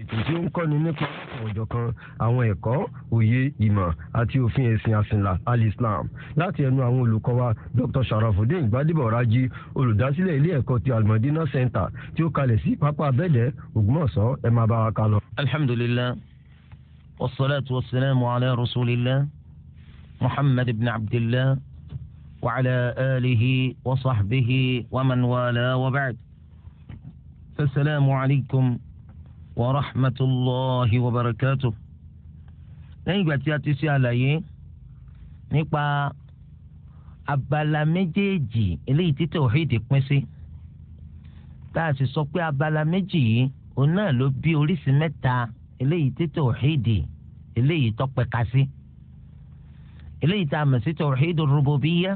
ètò tí ó ń kọ́ni nípa ọ̀jọ̀ kan àwọn ẹ̀kọ́ òye ìmọ̀ àti òfin ẹ̀sìn àsìnlá alislam láti ẹnu àwọn olùkọ́ wa dr sharafudin gbadebo olùdásílẹ̀ ilé ẹ̀kọ́ ti almadina center tí ó kalẹ̀ sí pápá abẹ́dẹ̀ ògbómọ̀ṣọ́ ẹ máa bá wa kálọ. alhamdulilah wasalaatu wasalaamu ala rasulillah muhammad ibn abdillah wa ala alihi wa sahbihi wa man wala wa ba'd. fasalaamu alaykum warahmatulahi wabarakatu. lẹ́yìn ìgbà tí a ti ṣe àlàyé nípa abala méjèèjì eléyìí tí tawhid pín sí tá a sì sọ pé abala méjì yìí òun náà ló bí oríṣi mẹ́ta eléyìí tí tawhid eléyìí tó pẹ̀ka sí eléyìí tá a mọ̀ sí tawhid rububiyya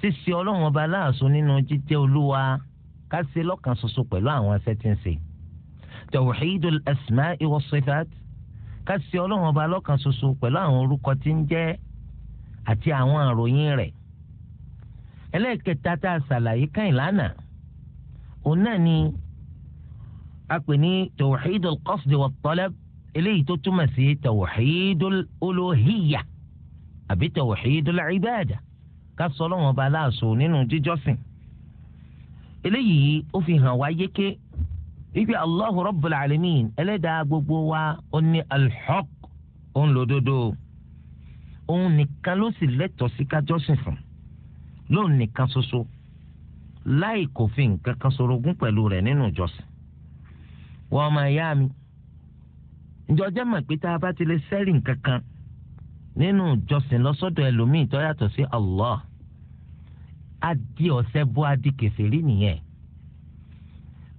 ṣíṣe ọlọ́run ọba láàṣọ nínú jíjẹ́ olúwa ká ṣe lọ́kàn ṣoṣo pẹ̀lú àwọn ẹsẹ̀ tí ń ṣe tawhidul asma'i was sifat ká sí ọlọ́run ọba lọ́kan ṣoṣo pẹ̀lú àwọn orúkọ tí ń jẹ́ àti àwọn àròyìn rẹ̀ ẹlẹ́ẹ̀kẹta tá a ṣàlàyé káyìn lánàá òun náà ni a pè ní tawhidul qasdi wat talab eléyìí tó túmọ̀ sí tawhidul uluhiyya àbí tawhidul ibada ká sọ ọlọ́run ọba láàṣọ nínú jíjọ́sìn eléyìí ó fi hàn wá yéké ibi allahu rabbul alamin ẹlẹ́dàá gbogbo wa ó ní alḥaq ó ń lo dodo òun nìkan ló sì lẹ́tọ̀ọ́ sí kájọ́sìn fún lóun nìkan ṣoṣo láì kò fi sorogún nínú ìjọsìn ọmọ mi ìjọjẹ́ mọ̀ pé tá a bá ti lè nínú ìjọsìn tó sí Allah adi bó adi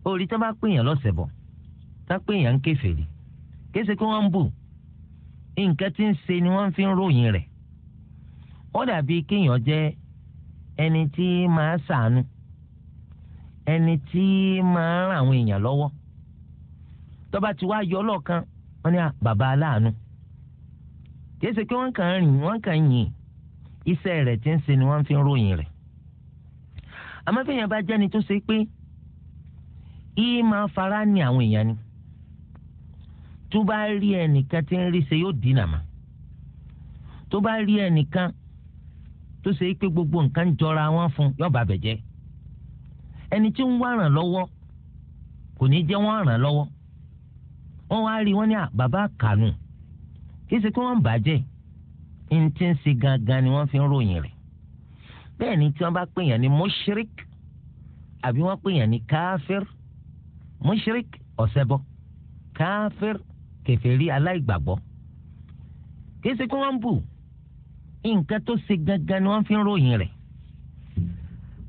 orí tó bá pèèyàn lọ́sẹ̀ bọ̀ tá pèèyàn ń kèfèrí kése kí wọ́n ń bù nǹkan tí ń ṣe ni wọ́n fi ń ròyìn rẹ̀ ó dàbí kéèyàn jẹ́ ẹni tí máa ṣàánú ẹni tí máa ràn àwọn èèyàn lọ́wọ́ tó bá ti yọ ọlọ́kan wọ́n ní bàbá aláàánú kése kí wọ́n kàn rìn wọ́n kàn yìn iṣẹ́ rẹ̀ tí ń ṣe ni wọ́n fi ń ròyìn rẹ̀ àmọ́ fẹ́yìn bá jẹ́ni tó ṣe pé yìí máa fara ní àwọn èèyàn ni tó bá rí ẹnìkan tí ń rí ṣe yóò dínà mà tó bá rí ẹnìkan tó ṣe pé gbogbo nǹkan jọra wọn fún yóò bá bẹ̀jẹ́ ẹni tí ń wá ràn lọ́wọ́ kò ní jẹ́ wọ́n ràn lọ́wọ́ wọ́n wá rí wọ́n ní bàbá kànú kí ṣe kí wọ́n bàjẹ́ ní tí ń ṣe gangan ni wọ́n fi ń ròyìn rẹ̀ bẹ́ẹ̀ ni tí wọ́n bá pèèyàn ní mushrik àbí wọ́n pèèyàn ní káfíìrì mushrik ọ̀sẹ̀bọ káfíìr kèfèrí aláìgbàgbọ́ kìí ṣe kí wọ́n ń bù nǹkan tó ṣe gangan ni wọ́n fi ń ròyìn rẹ̀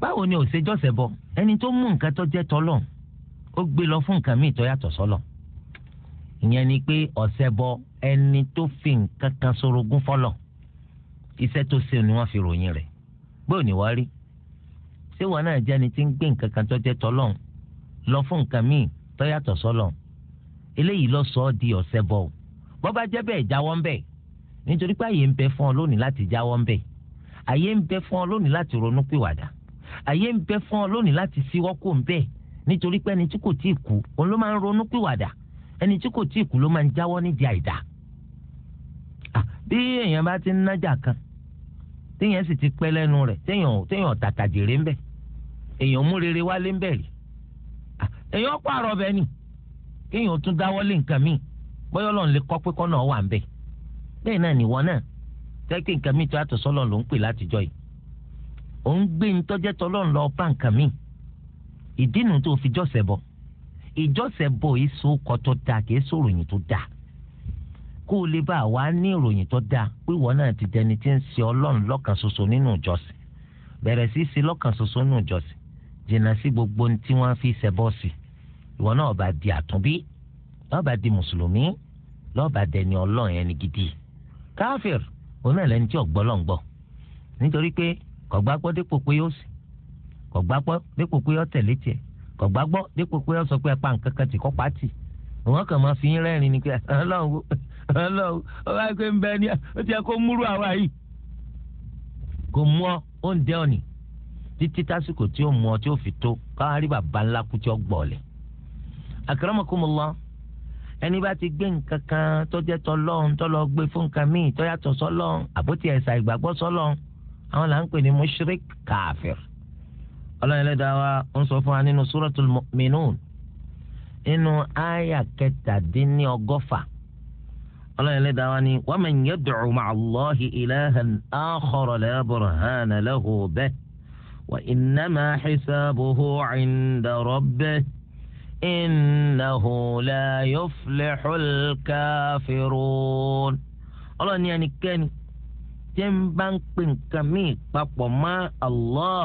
báwo ni òṣèjọ́sẹ̀ ẹni tó mú nǹkan tó jẹ́ tọ́lọ̀ ó gbé lọ fún nǹkan míì tó yàtọ̀ sọ́lọ̀ ìyẹn ni pé ọ̀sẹ̀ bọ ẹni tó fi nǹkan kan sorogún fọ́lọ̀ iṣẹ́ tó ṣe ni wọ́n fi ròyìn rẹ̀ bóò ní wá rí ṣé wọn náà jẹ́ ẹni tí ń gbé nǹkan kan tó jẹ́ tọ́lọ̀ lọ fún nǹkan míì tó yàtọ̀ sọ́lọ̀ eléyìí lọ sọ ọ́ di ọ̀sẹ̀ bọ̀ bọ́ bá jẹ́ bẹ́ẹ̀ jáwọ́ ń bẹ̀ nítorí pé àyè ń bẹ fún ọ lónìí láti jáwọ́ ń bẹ̀ àyè ń bẹ fún ọ lónìí láti ronú pìwàdà àyè ń bẹ fún ọ lónìí láti síwọ́ kò ń bẹ̀ nítorí pé ẹni tí kò tíì kú òun ló máa ń ronú pìwàdà ẹni tí kò tíì kú ló máa ń jáwọ́ nídìí àìdá bí èèyàn bá ti ń nájà kan téèyàn sì ti pẹ́ lẹ́nu rẹ̀ téèyàn tàtàjèrè ń bẹ̀ èèyàn mú wálé ń bẹ̀ rí èyàn ọkọ àrọ bẹ ni kéèyàn tún dáwọ́lé nǹkan míì bóyá Ọlọ́run lè kọ pé kọnà wà ń bẹ náà nìwọ náà tẹkẹ nǹkan míì tó yàtọ̀ ló ń pè yìí ò gbé lọ bá nǹkan míì ìdí tó fi bọ̀ ìjọ́sẹ̀ bọ̀ yìí tó da kìí tó da kó o lè bá a wá ní ìròyìn tó dáa pé fi sí ìwọ náà bá di àtúnbí lọ́ọ́ bá di mùsùlùmí lọ́ọ́ bá dẹni ọlọ́run ẹni gidi káfíìr òun náà lẹni tí gbọ́ nítorí pé kò gbàgbọ́ pé yóò sì kò gbàgbọ́ pé yóò tẹ̀lé tiẹ̀ kò gbàgbọ́ pé yóò sọ pé apá nǹkan kan ti kọ́ pàtì wọn kàn máa fi yín rẹ́rìn ni pé ọlọ́run ọlọ́run ọba pé ń bẹ ní ó ti yẹ kó múrú àwa yìí kò mú ọ ó ń dẹ́ ọ̀nì títí tásìkò tí ó mú ọ tí ó fi tó káwá rí bàbá ńlá kú tí ó gbọ̀ ọ̀lẹ̀ akramakum Allah ẹni bá ti gbé nǹkan kan tó jẹ́ tọlọ́hún tó lọ gbé fún nǹkan míì tó yàtọ̀ sọ́lọ́hún àbótí ẹ̀sà ìgbàgbọ́ sọ́lọ́hún àwọn là ń pè ní mushrik kafir ọlọ́run ẹlẹ́dàá wa ń sọ fún wa nínú suratul mu'minun nínú àyà kẹtàdínní ọgọ́fà ọlọ́run ẹlẹ́dàá wa ni wa man yad'u ma'a Allahi ilahan akhara la burhana lahu bihi wa innama hisabuhu 'inda bẹ́ẹ̀. innahu la yuflihul kafirun ọlọ́ni ẹnikẹ́ni tí ń bá ń pè nǹkan míì papọ̀ mọ́ Allah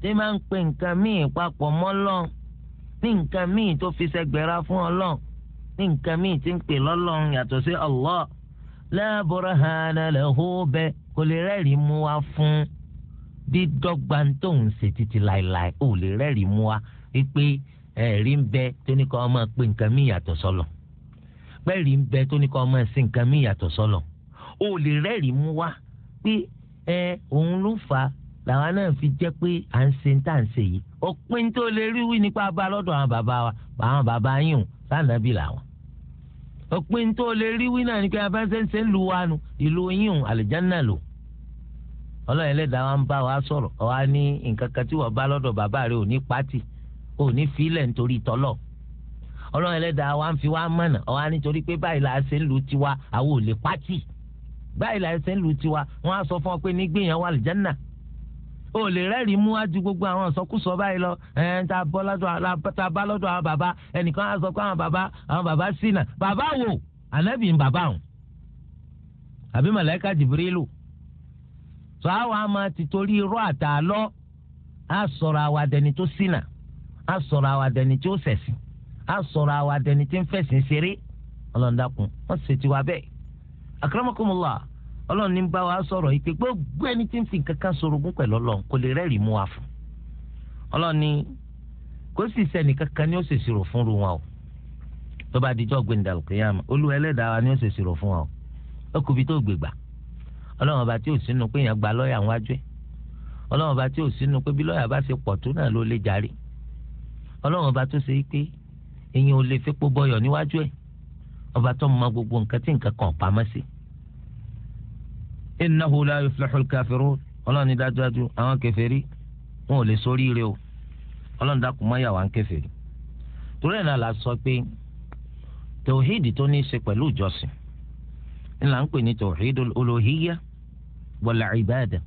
tí ń bá ń pè nǹkan míì papọ̀ mọ́ lọ́n ní nǹkan míì tó fi ṣẹgbẹ́ra fún ọlọ́n ní nǹkan míì tí ń pè lọ́lọ́run yàtọ̀ sí Allah la burhana lahu bẹ kò lè rẹ́rìí mú wa fún dídọ́gba tó ń ṣe títí láéláé ò lè rẹ́rìí mú wa wípé ẹ̀rí ń bẹ tó ní kọ́ ọmọ pé nǹkan mí yàtọ̀ sọ́lọ̀ pẹ́ẹ́rì ń bẹ tó ní kọ́ ọmọ sí nǹkan mí yàtọ̀ sọ́lọ̀ o lè rẹ́rìí mú wá pé ẹ òun ló fà á làwa náà fi jẹ́ pé à ń ṣe tá à ń ṣe yìí òpin tó lè rí wí nípa bá lọ́dọ̀ àwọn bàbá wa àwọn bàbá yín o sànàbí làwọn òpin tó lè rí wí náà ní pé abẹ́sẹ̀nsẹ̀ ń lu wa nu ìlú yín o àlùjánnà lò ọlọ́run wa ń bá wa sọ̀rọ̀ ọ wa ní nǹkan kan tí wọ́n bá lọ́dọ̀ bàbá rẹ ò ní pátì ò ní filẹ̀ nítorí tọ́lọ̀ ọlọ́run ẹlẹ́dàá wa ń fi wá mọ̀nà ọ̀wá nítorí pé báyìí la ṣe ń lu tiwa àwọn ò lè pátì báyìí la ṣe ń lu tiwa wọ́n á sọ fún ọ pé nígbìyànjú àlìjánà o lè rẹ́rìí mú wájú gbogbo àwọn ìsọkúsọ báyìí lọ ẹ̀ẹ́n tá a bá lọ́dọ̀ àwọn bàbá ẹnìkan á sọ pé àwọn bàbá àwọn bàbá ṣìnà bàbá wo ànábì ń bàbá wọn àbí màláíkà jìbìrìlù tó àwọn a ti torí irọ́ àtàlọ́ á sọ̀rọ̀ àwọn tó ṣìnà A sọ̀rọ̀ àwọn adẹni tí ó ṣẹ̀sìn á sọ̀rọ̀ àwọn adẹni tí ń fẹ̀sìn ṣeré ọlọ́ọ̀dàkùn wọ́n ṣe tiwa bẹ́ẹ̀. akramakumullah ọlọ́run ní bá wa sọ̀rọ̀ yìí pé gbogbo ẹni tí ń fi kankan sorogún pẹ̀lú ọlọ́run kò lè rẹ́rìí mú wa fún. ọlọ́run ní kò sì sẹ́ni kankan ni ó ṣèṣirò fún ru wọn o tó bá dijọ́ gbẹ̀ndà lùkìyàmù olúwa ẹlẹ́dàá ni ó ṣèṣirò fún wọn o ó kù bí tó gbègbà ọlọ́run ọba tí ò sínú pé èèyàn gba lọ́ọ̀yà wájú ẹ̀ ọlọ́run ọba tí ò sínú pé bí lọ́ọ̀yà bá ṣe pọ̀ tó náà ló lè jarí ọlọ́run ọba tó ṣe é pé èèyàn ò lè fipò bọyọ̀ níwájú ẹ̀ ọba tó mọ gbogbo nǹkan tí nǹkan kan pamọ́ sí. innahu la yuflihul kafirun ọlọ́run ní dájúdájú àwọn kèfèrí wọn ò lè ṣoríire o ọlọ́run dákun mọ́ yà wá ń kèfèrí. torí ẹ̀ náà la sọ pé tòhídì tó ní í ṣe pẹ̀lú ìjọsìn ńlá ń pè ní tòhídul olóhíyá wal ìbáàdà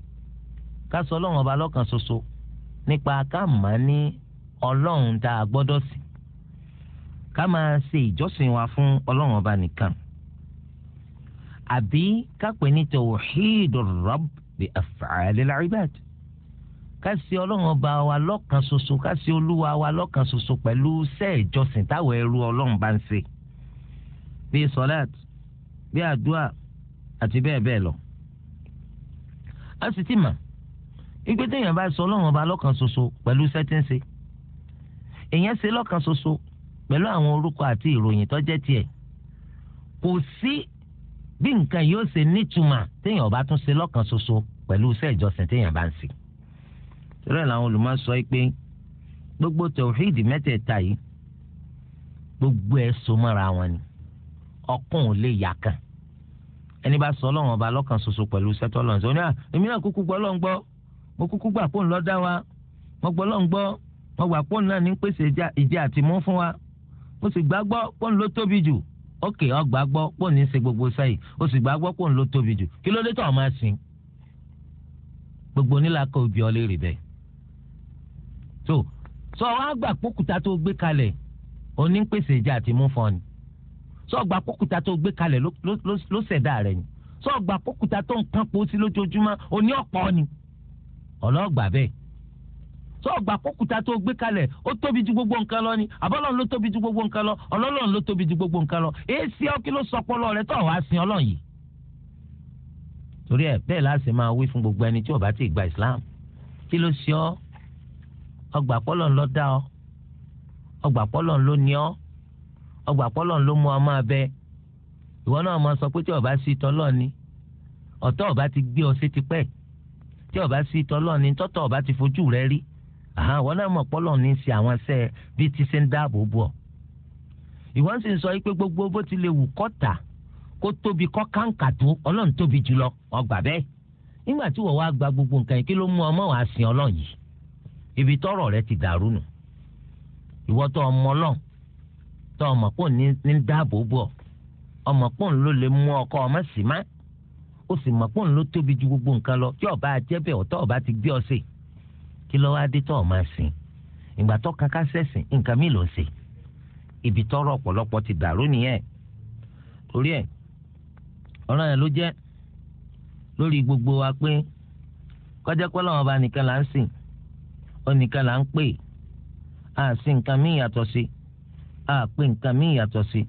ká sọ ọlọ́run ọba lọ́kan ṣoṣo nípa ká mà ní ọlọ́run tá a gbọ́dọ̀ sí ká máa ṣe ìjọsìn wa fún ọlọ́run ọba nìkan àbí ká pè ní tawhidur rabb bi af'alil ibad ká ṣe ọlọ́run ọba wa lọ́kan ṣoṣo ká ṣe olúwa wa lọ́kan ṣoṣo pẹ̀lú iṣẹ́ ìjọsìn táwọn ẹrú ọlọ́run bá ń ṣe bíi sọláàt bíi àdúà àti bẹ́ẹ̀ bẹ́ẹ̀ lọ. a sì ti mọ̀ ìgbé téèyàn bá sọ ọlọ́run ọba lọ́kan ṣoṣo pẹ̀lú iṣẹ́ èèyàn ṣe lọ́kan ṣoṣo pẹ̀lú àwọn orúkọ àti ìròyìn tó jẹ́ tiẹ̀ kò sí bí nǹkan yóò ṣe nítumọ̀ téèyàn bá tún ṣe lọ́kan ṣoṣo pẹ̀lú iṣẹ́ ìjọsìn téèyàn bá ń ṣe. ìrẹ́ làwọn olùmọ̀ sọ pé gbogbo tòhídì mẹ́tẹ̀ẹ̀ta yìí gbogbo ẹ̀ so mọ́ra wọn ni ọkàn ò lè yà kan ẹni bá sọ ọlọ́run ọba lọ́kan ṣoṣo pẹ̀lú sẹ́tọ́ ọlọ́run sọ èmi náà kúkú gbọ́ ọlọ́run mo kúkú gbà pé òun dá wa mo gbọ́ ọlọ́run ọgbà pọ́ùn náà ní pèsè ìjẹ àtìmú fún wa ó sì gbàgbọ́ pọ́ùn ló tóbi jù ókè ọgbà gbọ́ pọ́ùn ní í ṣe gbogbo sẹ́yìn ó sì gbàgbọ́ pọ́ùn ló tóbi jù kí ló dé tó àwọn máa sìn gbogbo onílàkọ òbí ọ lè rí bẹ́ẹ̀ tó sọ wọn àgbà pọ́kúta tó gbé kalẹ̀ òní ń pèsè ìjẹ àtìmú fún ọ ni sọ ọgbà pọ́kúta tó gbé kalẹ̀ ló ṣẹ̀dá rẹ̀ ni sọ ọgbà pọ́kúta tó ń kán sí lójoojúmọ́ òní ọ̀pọ̀ ni ọlọ́ọ̀gbà bẹ́ẹ̀ tó ọgbà kókùtà tó gbé kalẹ̀ ó tóbi ju gbogbo nǹkan lọ ni àbọ̀lọ́run ló tóbi ju gbogbo nǹkan lọ ọlọ́lọ́run ló tóbi ju gbogbo nǹkan lọ èé sí ọ́ ló sọ ọpọlọ rẹ tó wàá sin ọlọ́run yìí. torí ẹ bẹ́ẹ̀ láti máa wí fún gbogbo ẹni tí ó bá ti gba Islam kí ló ṣe ọ́ ọgbà pọ́lọ̀ ló dá ọ ọgbà pọ́lọ̀ ló ní ọ ọgbà pọ́lọ̀ ló mú ọ máa bẹ ìwọ náà máa sọ pé tí ó bá sí tọ́lọ́ ni ọ̀tọ́ ó ti gbé ọ sí tipẹ́ tí ó bá sí tọ́lọ́ ni tọ́tọ́ ó ti fojú rẹ rí àhán wọn náà mọ̀ pọ́lọ̀ ní í ṣe àwọn iṣẹ́ bíi ti ṣe ń dáàbò bọ̀ ìwọ́n sì ń sọ pé gbogbo bó ti lè wù kọ́ta kó tóbi kọ́ káǹkà tó ọlọ́run tóbi jùlọ ọgbà bẹ́ẹ̀ nígbà tí wọ́n wá gba gbogbo nǹkan yìí kí ló mú ọmọ wàá sin ọlọ́run yìí ibi tọ́rọ̀ rẹ ti dàrú nù ìwọ tó ọmọ ọlọ́run tó ọmọ pò ní dáàbò bọ̀ ọmọ pò ń lò lè mú ọkọ ọmọ sì má ó sì mọ̀ pò ń lò tóbi ju gbogbo nǹkan lọ tí ọba ajẹ́bẹ̀ ọ̀tọ́ ọba ti gbé ọ sí i kí ló wá dé tó ọ̀ máa sìn ìgbà tó kan ká sẹ̀sìn nǹkan mi ló ń ṣe ibi tọ́rọ̀ ọ̀pọ̀lọpọ̀ ti dàrú nìyẹn torí ẹ̀ ọ̀ràn yẹn ló jẹ́ lórí gbogbo wa pé kọjá pé lọ́wọ́ bá nìkan là ń sìn ó nìkan là ń pè á sí nǹkan míì yàtọ̀ sí á pè nǹkan míì yàtọ̀ sí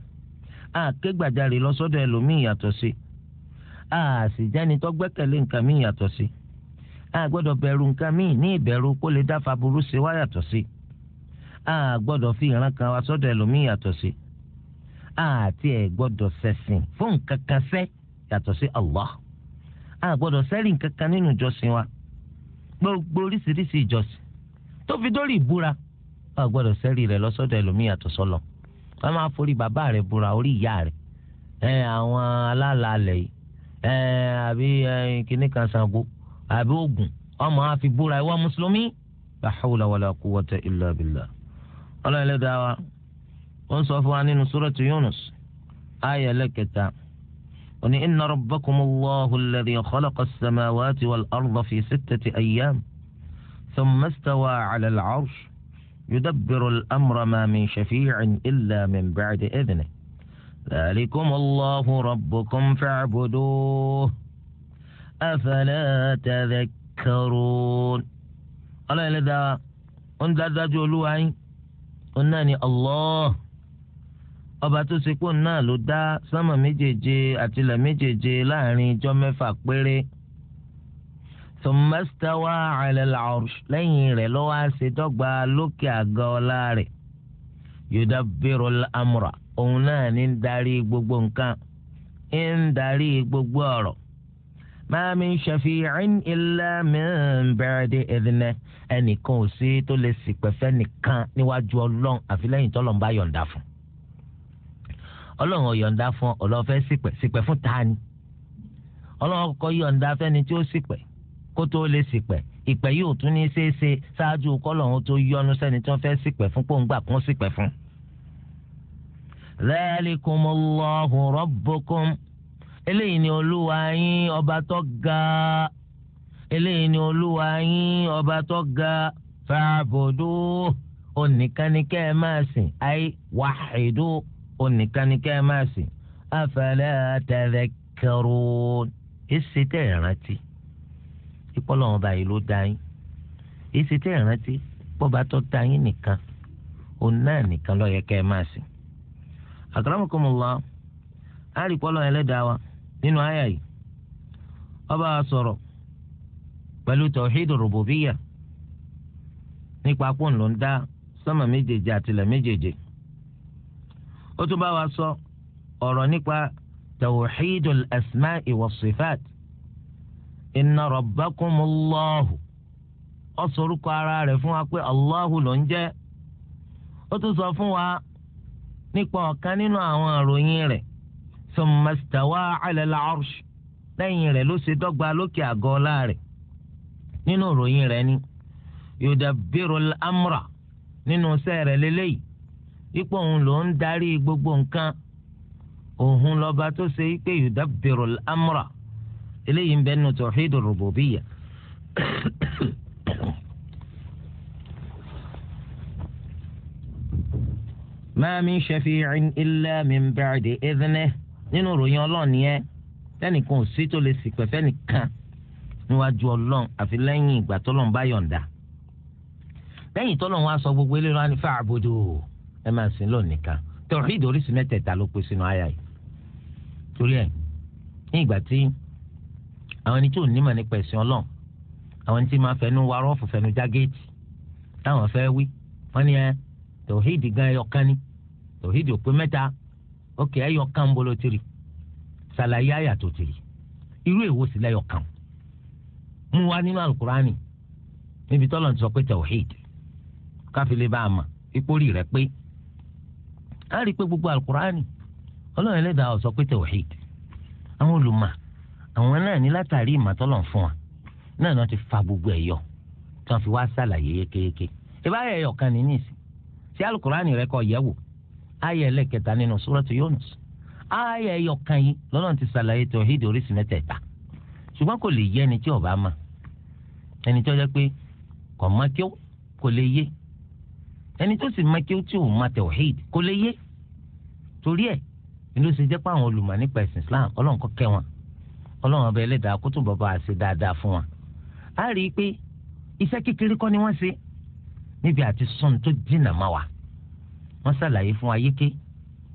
á ké gbàjarè lọ sọ́dọ̀ ẹlòmíì yàtọ̀ sí á sì jẹ́ni tó gbẹ́kẹ̀lé nǹkan míì yàtọ̀ sí. Si a gbọ́dọ̀ bẹ̀rù nǹkan míì ní ìbẹ̀rù kó lè dáfa burú sí wa yàtọ̀ sí a gbọ́dọ̀ fi ìran kan wa sọ́dọ̀ ẹlòmíì yàtọ̀ sí àti ẹ̀ gbọ́dọ̀ ṣẹ̀sìn fún nǹkan kan sẹ́ yàtọ̀ sí Allah a gbọ́dọ̀ sẹ́rì nǹkan kan nínú ìjọsìn wa gbogbo oríṣiríṣi ìjọsìn tó fi dórí ìbúra a gbọ́dọ̀ sẹ́rì rẹ̀ lọ́sọ́dọ̀ ẹlòmíì yàtọ̀ sọ́lọ̀ wọ́n máa forí bàbá rẹ̀ búra orí ìyá rẹ̀ ẹ̀ àwọn alálàálẹ̀ yìí ẹ̀ àbí kìnnìkan Ṣàngó àbí oògùn ọmọ àfi búra ìwọ mùsùlùmí la hawla wala quwwata illa billah ọlọ́run ẹlẹ́dàá wa ó ń sọ fún wa nínú súrọ̀tù yunus ayé ẹlẹ́kẹta ó ní iná inna rabbakumullahu alladhi khalaqa as-samawati wal arda fi sittati ayyam thumma istawa ala al-arsh mi الأمر ما من شفيع إلا من بعد إذنه ذلكم الله ربكم فاعبدوه afala tadhakkarun ọlọ́ọ̀lẹ́dà ó ń dájú olúwa yín ó náà ní Allah ọba tó ṣe pé òun náà ló dá sánmà méjèèje àtìlẹ̀ méjèèje láàrin ijọ́ mẹ́fà péré thumma stawa ala al lẹ́yìn rẹ̀ ló ṣe dọ́gba lókè àga ọlá rẹ̀ yudabbiru al-amra òun náà ní darí gbogbo nǹkan ń darí gbogbo ọ̀rọ̀ ma min shafi'in illa min ba'di idhni ẹnìkan ò sí tó lè ṣìpẹ̀fẹ́ nìkan níwájú ọlọ́run àfi lẹ́yìn tọ́lọ́run bá yọ̀ǹda fún ọlọ́run ò yọ̀ǹda fún ọlọ́run fẹ́ ṣìpẹ̀ ṣìpẹ̀ fún ta ni ọlọ́run kọ́kọ́ yọ̀ǹda fẹ́ni tí ó ṣìpẹ̀ kó tó lè ṣìpẹ̀ ìpẹ́ yóò tún ní ṣeé ṣe ṣáájú kọ́lọ́run tó yọ́nú sẹ́ni tí wọ́n fẹ́ ṣìpẹ̀ fún pòǹgbà kún ṣìpẹ̀ fún. Dhalikumullahu rabbukum eléyìí ni olúwa yín ọba tó ga eléyìí ni olúwa yín ọba tó ga fàbùdù onìkanikẹ́ máa sìn ayé wàhídù onìkanikẹ́ máa sìn afala tadhakkarun èsì tẹ́ ẹ̀ rántí ìpọ́lọ́wọ́n báyìí ló dá yín èsì tẹ́ rántí pọ́ba tó dá yín nìkan òun náà nìkan nínú àyà yìí ọba sọ̀rọ̀ pẹ̀lú tawhidu rububiyya nípa pọ̀ ńlọ ń dá sánmà méjèèje àtìlẹ̀ méjèèje ó tún bá wa sọ ọ̀rọ̀ nípa tawhidu al-asma'i was-sifat inna rabbakumullahu ó sọ orúkọ ara rẹ̀ fún wa pé Allahu ló ń jẹ́ ó tún sọ fún wa nípa ọ̀kan nínú àwọn àròyìn rẹ̀ ثم استوى على العرش lẹ́yìn rẹ̀ ló ṣe dọ́gba lókè àgọ́ ọlá rẹ̀ nínú ìròyìn rẹ̀ ni yudabbiru al-amra nínú iṣẹ́ rẹ̀ lélẹ́yìí ipò òun ló ń darí gbogbo nǹkan òun lọ́ba tó ṣe pé yudabbiru al-amra eléyìí ń bẹ nínú tawhidu rububiyya. ma min shafi'in illa min ba'di idhnihi. nínú ìròyìn ọlọ́run nìyẹn tẹ́nìkan ò sí tó lè sì pẹ̀fẹ́ nìkan níwájú ọlọ́run àfi lẹ́yìn ìgbà tọ́lọ́run bá yọ̀ǹda lẹ́yìn tọ́lọ́run wá sọ gbogbo eléyìí wọn á ní fẹ́ àbòdò ẹ máa sìn lọ nìkan tọ̀rí ìdórísì mẹ́tẹ̀ẹ̀ta ló pé sínú àyà yìí torí ẹ̀ ní ìgbà tí àwọn ẹni tí ò nímọ̀ nípa ẹ̀sìn ọlọ́run àwọn ẹni tí máa fẹnu wa rọ́ọ̀fù fẹnu já géètì táwọn fẹ́ wí wọ́n ní ẹ tọ̀hídì gan ẹyọ kan ni tọ̀hídì òpin mẹ́ta ok ẹyọ kan bolo tiri ṣàlàyé àyà tó tiri irú èwo sì lẹyọ kan mú wa nínú alukurani níbi tọ́lọ̀ ń sọ pé tawhid káfílẹ̀ bá a mà ìpórí rẹ̀ pé a rí i pé gbogbo alukurani ọlọ́run ẹlẹ́dàá ó sọ pé tawhid àwọn olùmọ̀ àwọn náà ní látàrí ìmọ̀tọ́lọ̀ fún wa náà náà ti fa gbogbo ẹ̀ yọ tí wọ́n fi wá ṣàlàyé yékéyéké ìbáyọ̀ ẹ̀yọ̀ kan ní nísì sí alukurani rẹ̀ kọ́ yẹ̀ wò ayé ẹlẹ́kẹta nínú súrọ́tù Yunus ayé ẹyọkan yìí lọ́nà ti ṣàlàyé tawhid oríṣi mẹ́tẹ̀ẹ̀ta ṣùgbọ́n kò lè yé ẹni tí ó bá mọ̀ ẹni tó jẹ́ pé kò mọ̀ kí ó kò lè yé ẹni tó sì mọ̀ kí ó tí ò mọ̀ tawhid kò lè yé torí ẹ̀ ni ló ṣe jẹ́ pé àwọn olùmọ̀ nípa ẹ̀sìn Islam ọlọ́run kọ́ kẹ́ wọn ọlọ́run ọba ẹlẹ́dàá kó tún bàbá àṣẹ dáadáa fún wọn á rí i pé iṣẹ́ kékeré kọ́ ni wọ́n ṣe níbi àti sọ́n tó dínà máa wà wọ́n ṣàlàyé fún wa yéké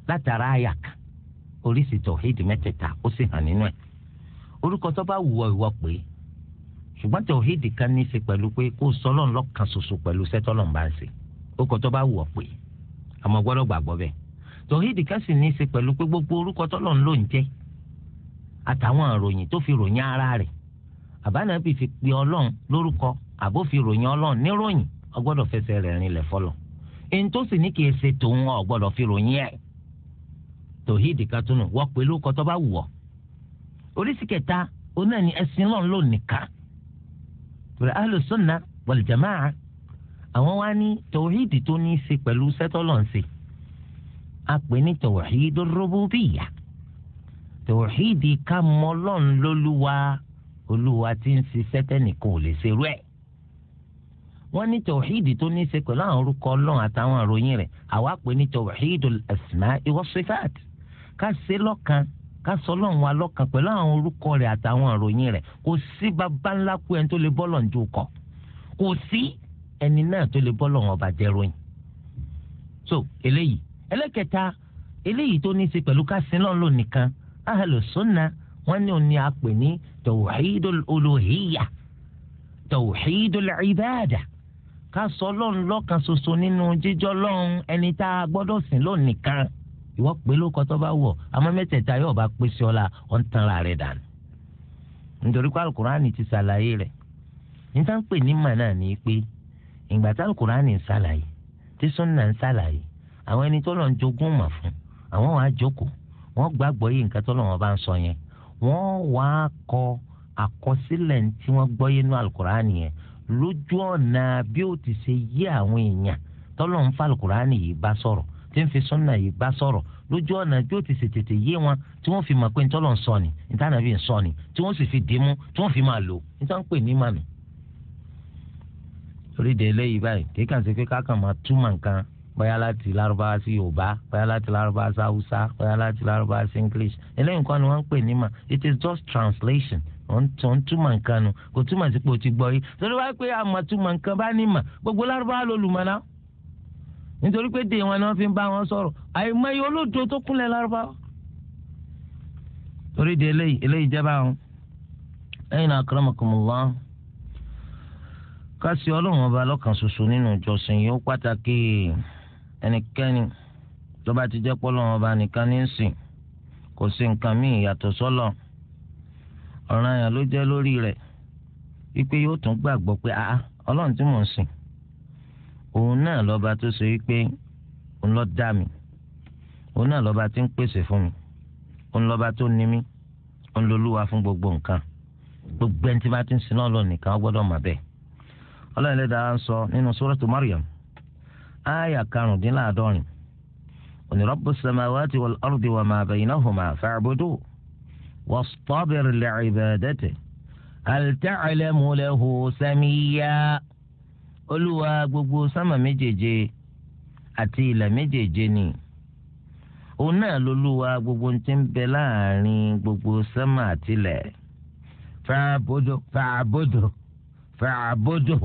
látara àyà kan oríṣi tọ̀hídì mẹ́tẹ̀ẹ̀ta ó sì hàn nínú ẹ̀ orúkọ tó bá wù ọ ìwọ pé ṣùgbọ́n tọ̀hídì kan ní í ṣe pẹ̀lú pé kó o sọ ọlọ́run lọ́kàn ṣoṣo pẹ̀lú sẹ́tọ́lọ́run bá ń ṣe orúkọ tó bá wù ọ pé àmọ́ gbọ́dọ̀ gbàgbọ́ bẹ́ẹ̀ tọ̀hídì kan sì ní í ṣe pẹ̀lú pé gbogbo orúkọ tọ́lọ́run ló ń jẹ́ àtàwọn ìròyìn tó fi ròyìn ara rẹ̀ àbánábì fi pe ọlọ́run lórúkọ àbó fi ròyìn ọlọ́run níròyìn ọgbọ́dọ̀ fẹsẹ̀ rẹ̀ rinlẹ̀ fọlọ́ ntòsí ní kì í ṣe tòun ọ fi ròyìn wọ pẹlú bá wù ọ oríṣi kẹta oní ẹsìn lọ ló nìkan alùsùnà àwọn wá ní tòhídì tó ní í ṣe pẹ̀lú sẹtọlọǹsì a pè ní tòhídì rúbúbíyà tòhídì ká lólúwa olúwa ń ṣiṣẹ́ wọ́n ní tawhidi tó ní í ṣe pẹ̀lú àwọn orúkọ ọlọ́run àtàwọn àròyìn rẹ̀ àwa pè ní tawhidul asma'i was sifat ká ṣe lọ́kan ká sọ ọlọ́run wa lọ́kan pẹ̀lú àwọn orúkọ rẹ̀ àtàwọn àròyìn rẹ̀ kò sí bàbá ńlá kú ẹni tó lè bọ́lọ̀ ń jó kọ kò sí ẹni náà tó lè bọ́lọ̀ wọn bàjẹ́ ròyìn. so eléyìí ẹlẹ́kẹta eléyìí tó ní í ṣe pẹ̀lú ká sin lọ́n lò nìkan ahlu sunna wọ́n ní òní àpè ní tawhidul uluhiyya tawhidul ibada ká sọ ọlọ́run lọ́kan ṣoṣo nínú jíjọ́ ọlọ́run ẹni tá a gbọ́dọ̀ sìn lónìí kan ìwọ pé lóko tó bá wọ̀ àmọ́ mẹ́tẹ̀ẹ̀ta yóò bá pé sí ọlá ọ̀n tanra rẹ̀ dànù nítorí pé alukurani ti ṣàlàyé rẹ̀ níta ń pè ní mà ni pé ìgbà tí alukurani ń ṣàlàyé tí sunna ń ṣàlàyé àwọn ẹni tó lọ ń jogún mà fún àwọn wàá jókòó wọ́n gbàgbọ́ yìí nǹkan tó lọ́wọ́ bá ń sọ yẹn wọ́n wàá kọ àkọsílẹ̀ tí wọ́n gbọ́ yé nú alukurani yẹn lójú ọ̀nà bí ó ti ṣe yí àwọn èèyàn tọ́lọ̀ ń falùkùránì yìí bá sọ̀rọ̀ tí ń fi súnà yìí bá sọ̀rọ̀ lójú ọ̀nà bí ó ti ṣe tètè yé wọn tí wọ́n fi mọ̀ pé ntọ́lọ̀ ń sọ ni ntànàbí ń sọ ni tí wọ́n sì fi dìímú tí wọ́n fi máa lò níta ń pè ní mànù. torí de eléyìí báyìí kì í kàn ṣe pé kákan máa túmọ̀ nǹkan bóyá láti lárúbáwá sí yorùbá bóyá láti lárúbáwá sí haúsá bóyá láti lárúbáwá sí english eléyìí nǹkan ni wọ́n ń pè ní mà it is just translation ọ̀n túmọ̀ nǹkan nu kò túmọ̀ sí pé o ti gbọ́ yìí torí wáyé pé àmọ̀ túmọ̀ nǹkan bá ní mà gbogbo lárúbáwá ló lù mọ́ náà nítorí pé dèwọ̀n ni wọ́n fi ń bá wọn sọ̀rọ̀ àìmọye olódo tó kúnlẹ̀ lárúbáwá. torí di eléyìí eléyìí jẹ́ báwọn ẹ̀yin náà akramakumullah kásì ọlọ́run ọba lọ́kàn ṣoṣo nínú ìjọsìn yìí ó pàtàkì ẹnikẹ́ni tó bá ti jẹ́ pọ́lọ́run ọba nìkan ní sìn ọ̀ràn yẹn ló jẹ́ lórí rẹ̀ wípé yóò tún gbàgbọ́ pé a ọlọ́run tí mò ń sìn òun náà lọ́ba tó ṣe wípé òun ló dá mi òun náà lọ́ba tí ń pèsè fún mi òun lọ́ba tó ní mi òun lolúwa fún gbogbo nǹkan gbogbo ẹni tí bá ti ń sin náà lọ nìkan ó gbọ́dọ̀ mà bẹ́ẹ̀ ọlọ́run ẹlẹ́dàá ń sọ nínú suratu Maryam ááyà karùndínláàdọ́rin òní rabbus samawati wal ardi واصطبر لعبادته هل تعلم له سميا olúwa gbogbo sámà méjèèje àti ilẹ̀ méjèèje ni òun náà lolúwa gbogbo gbogbo sámà àti ilẹ̀ fàbódò fàbódò fàbódò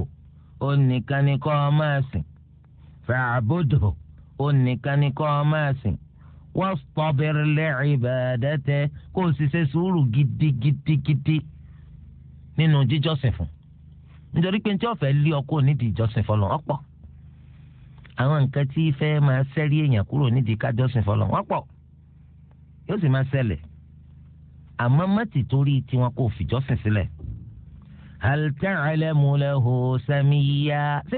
òun wastabir li'ibadatihi kó o sì ṣe sùúrù gidigidigidi nínú jíjọ́sìn fún nítorí pé tí ọ̀fẹ́ lé ọkọ nídìí ìjọsìn fọlọ́ ọ̀pọ̀ àwọn nǹkan tí fẹ́ èèyàn kúrò nídìí yóò sì máa torí tiwọn kò ṣé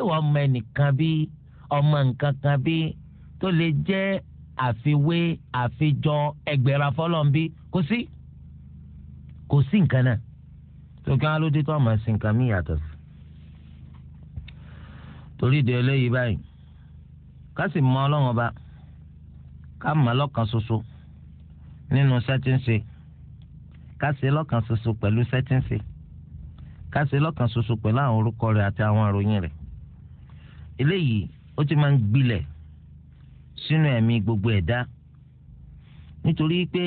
wọ́n mọ ẹnìkan bí ọmọ nǹkan kan bí tó lè àfiwé àfijọ ẹgbẹ̀rún afọlọ́nbí kò sí kò sí nǹkan náà tó kí wọn ló dé tó àmọ́ sí nǹkan mí yàtọ̀ sí. torí ìdè eléyìí báyìí ká sì mọ ọlọ́run ọba ká mọ̀ lọ́kàn ṣoṣo nínú sẹ́tíǹsì ká ṣe lọ́kàn ṣoṣo pẹ̀lú sẹ́tíǹsì ká ṣe lọ́kàn ṣoṣo pẹ̀lú àwọn orúkọ rẹ̀ àti àwọn àròyìn rẹ̀ eléyìí ó ti máa ń gbilẹ̀ sínú ẹ̀mí gbogbo ẹ̀dá nítorí pé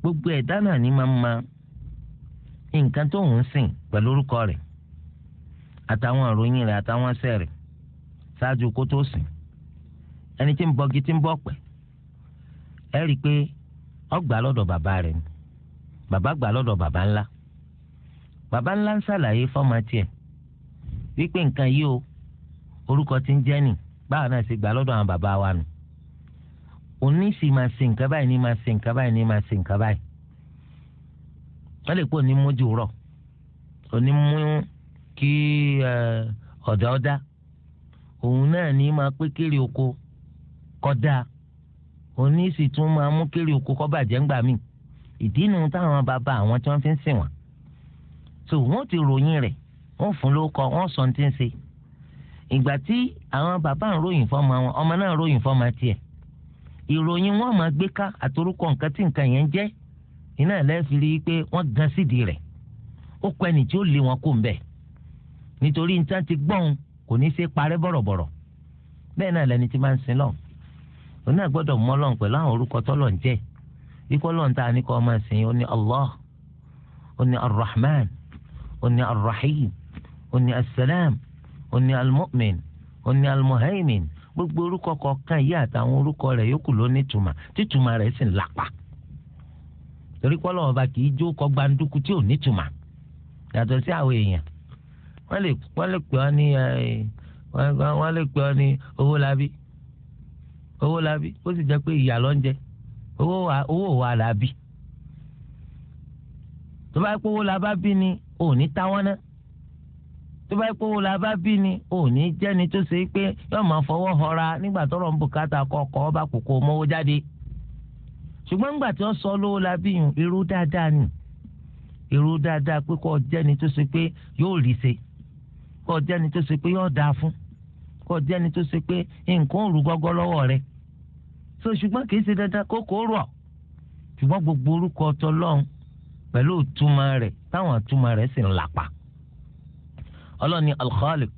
gbogbo ẹ̀dá náà ní máa ń ma nǹkan tó ń sìn pẹ̀lú orúkọ rẹ̀ àtàwọn ìròyìn rẹ̀ àtàwọn ẹsẹ̀ rẹ̀ ṣáájú kó tó sìn ẹni tí ń bọgi tí ń pẹ̀ ẹ rí i pé lọ́dọ̀ bàbá rẹ̀ ni bàbá gbà lọ́dọ̀ bàbá ńlá bàbá ńlá ń ṣàlàyé báwa náà ṣe gbà lọ́dọ̀ àwọn bàbá wa nù òní sì máa ṣe nǹkan báyìí ní máa ṣe nǹkan báyìí ní máa ṣe nǹkan báyìí wọ́n lè pé òní mójú rọ̀ òní mú kí ọ̀dà ọ̀dà òun náà ní máa pé kéré oko kọ́dà òní sì tún máa mú kéré oko kọ́ bàjẹ́ ńgbà míì ìdí nu táwọn bàbá àwọn tí wọ́n fi ń sìn wọ́n so wọ́n ti ròyìn rẹ̀ wọ́n fún lóko wọ́n sọ ní ti ń ṣe ìgbà tí àwọn bàbá ń ròyìn fọ́mọ wọn ọmọ náà ròyìn fọ́mọ tiẹ̀ ìròyìn wọn máa gbé ká àtorúkọ nǹkan tí nǹkan yẹn ń jẹ́ iná ẹlẹ́fì rí i pé wọ́n gan sídìí rẹ̀ ó pẹ́ ní tí ó lé wọn kó ń bẹ̀ nítorí níta ti gbọ́n kò ní í ṣe parẹ́ bọ̀rọ̀bọ̀rọ̀ bẹ́ẹ̀ náà lẹni tí máa ń sin lọ òun náà gbọ́dọ̀ mọ̀ Ọlọ́run pẹ̀lú àwọn orúkọ tọ́lọ̀ ń jẹ́ ikú Ọlọ́run tá a ní kọ́ máa sìn ó ní Allah ó ní Ar-Rahman ó ní Ar-Rahim ó ní As-Salam Oni ní almu'min ó ní almuhaimin gbogbo orúkọ kọ̀ọ̀kan yìí àtàwọn orúkọ rẹ̀ yòókù ló ní tùmà títùmà rẹ̀ sì ń lápá torí pé ọlọ́wọ́ bá kì í jó kọ gbanduku tí ò ní tùmà yàtọ̀ sí àwọn èèyàn wọ́n lè wọ́n lè pè ọ́ ní wọ́n lè pè ọ́ ní owó labí owó labí ó sì jẹ́ pé ìyà ló ń jẹ owó wa owó tó bá pé owó labá bí ni ò ní táwọn náà tó bá pé wòlá bá bí ni ò ní jẹ́ni tó ṣe pé yóò máa fọwọ́ họra nígbà tọrọ ń bùkátà kọkọ ọba kòkó mọ́wó jáde ṣùgbọ́n nígbà tí wọ́n sọ lówó la bí yùn irú dáadáa ni irú dáadáa pé kó jẹ́ni tó ṣe pé yóò rí ṣe kó jẹ́ni tó ṣe pé yóò dáa fún kó jẹ́ni tó ṣe pé nǹkan ò rú gọ́gọ́ lọ́wọ́ rẹ̀ so ṣùgbọ́n kì í ṣe dandan kókó rọ̀ ṣùgbọ́n gbogbo orúkọ ọlọ́ni alkhalik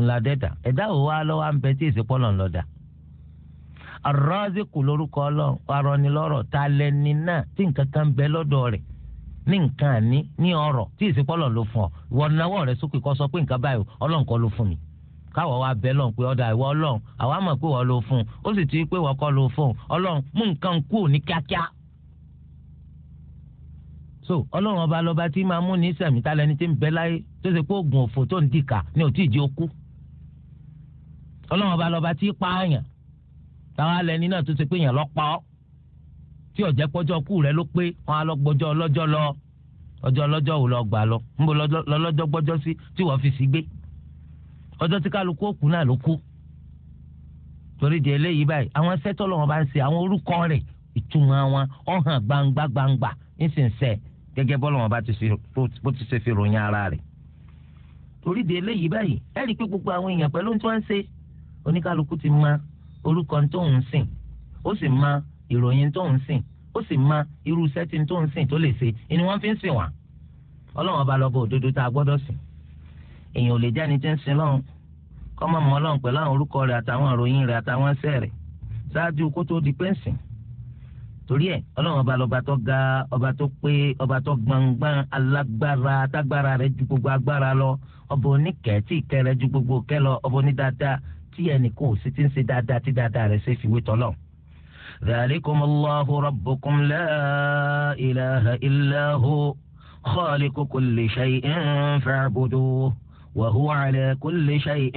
ńladẹ́dà ẹ̀dá wo wá lọ́wọ́ à ń bẹ tí èsì pọ́lọ̀ ńlọ́dà arọ́síkù lórúkọ ọlọ́run arọ́nilọ́rọ̀ ta lẹni náà tí nǹkan kan bẹ lọ́dọ̀ rẹ̀ ní nǹkan àní ní ọrọ̀ tí èsì pọ́lọ̀ ló fún ọ ìwọ náwó rẹ sókè kọ́ sọ pé nǹkan báyìí ọlọ́run kọ́ ló fún mi káwọ̀ wá bẹ lọ́n pé ọ̀dà ìwọ ọlọ́run àwa mọ̀ pé wọ́n ló fún un ó sì ti pé wọ́n kọ́ ló fún un ọlọ́run mú nǹkan kú ní kíákíá so ọlọ́run ọba lọ́ba tí máa mú ní sẹ̀mí tá lẹni tí ń bẹ láyé tó ṣe pé oògùn òfò tó ń dìkà ni ò tí ì di okú ọlọ́run ọba lọ́ba tí pààyàn táwọn alẹ́ni náà tó ṣe pé èèyàn lọ pa ọ́ tí ọ̀jẹ́ pọ́jọ́ kú rẹ ló pé wọn á lọ gbọ́jọ́ ọlọ́jọ́ lọ ọjọ́ ọlọ́jọ́ ò lọ gbà lọ níbo lọ́lọ́jọ́ gbọ́jọ́ sí tí wọ́n fi sí gbé ọjọ́ tí kálukú òkú náà ló kú torí di eléyìí báyìí àwọn sẹ́tọ̀ lọ́wọ́ bá ń ṣe àwọn orúkọ rẹ̀ ìtumọ̀ wọn ọ̀hàn gbangba gbangba ń sì ń sẹ́ẹ̀ gẹ́gẹ́ bọ́lá wọn bá ti ṣe fi ròyìn ara rẹ̀ torí de eléyìí báyìí ẹ rí i pé gbogbo àwọn èèyàn pẹ̀lú tí wọ́n ń ṣe oníkálukú ti mọ orúkọ tó ń sìn ó sì mọ ìròyìn tó ń sìn ó sì mọ irú sẹ́tì tó ń sìn tó lè ṣe ni wọ́n fi ń sìn wá ọlọ́run ọba lọ́gọ́ òdodo tá a gbọ́dọ̀ sìn èèyàn ò lè jáde tí ń sin lọ́run kọ́mọ̀mọ́ ọlọ́run pẹ̀lú àwọn orúkọ rẹ̀ àtàwọn ìròyìn rẹ̀ àtàwọn ẹsẹ̀ rẹ̀ ṣáájú kó di pé torí ẹ ọlọ́run ọba lọ́ba tó ga ọba tó pé ọba tó gbangban alágbára tágbára rẹ̀ ju gbogbo agbára lọ ọba oníkẹ́ tí ìkẹ́ ju gbogbo kẹ́ lọ ọba onídáadáa tí ẹnìkan ò sì ti ń ṣe dáadáa tí dáadáa rẹ̀ ṣe fìwé tọ́lọ̀. ذلكم الله ربكم لا إله إلا هو خالق كل شيء فاعبدوه وهو على كل شيء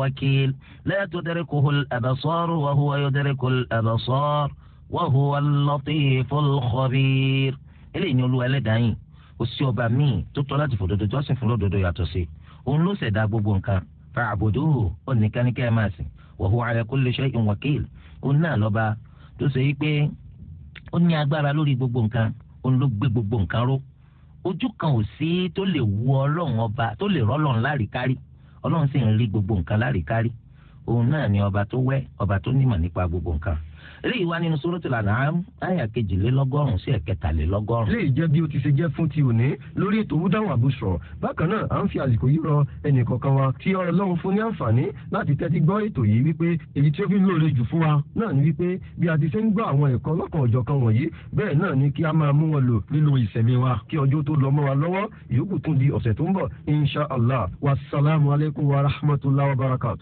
وكيل لا تدركه الأبصار وهو يدرك الأبصار wa huwa al-latiful khabir eléyìí ni olúwa ẹlẹ́dàá yìí kò sí ọba míì tó tọ́ láti fòdodo jọ́sìn fún lódodo yàtọ̀ sí òun ló ṣẹ̀dá gbogbo nǹkan fa'buduhu ó nìkan ní kẹ́ẹ̀ máa sìn wa huwa ala kulli shay'in wakil òun náà lọ́ba tó ṣe yí pé ó ní agbára lórí gbogbo nǹkan òun ló gbé gbogbo nǹkan ró ojú kan ò sí tó lè wu ọlọ́run ọba tó lè rọ́lọ́run eléyìí wá nínú suratul an'am àyà kejìlélọ́gọ́rùn-ún sí ẹ̀kẹtàlélọ́gọ́rùn. lè jẹ́ bí o ti ṣe jẹ́ fún ti òní lórí ètò wúdáhùn àbúṣọ bákan náà à ń fi àsìkò yìí rọ ẹnì kọ̀ọ̀kan wa tí Ọlọ́run fún ní àǹfààní láti tẹ́tí gbọ́ ètò yìí wípé èyí tí ó fi lóore jù fún wa náà ni wípé bí a ti ṣe ń gbọ́ àwọn ẹ̀kọ́ lọ́kàn ọ̀jọ̀ kan a máa mú wọn lò nínú ìṣẹ̀mí wa kí ọjọ́ tó lọ mọ́ wa lọ́wọ́ ìyókù tún di ọ̀sẹ̀ tó ń bọ̀ insha allah wasalaamualeykum wa rahmatulah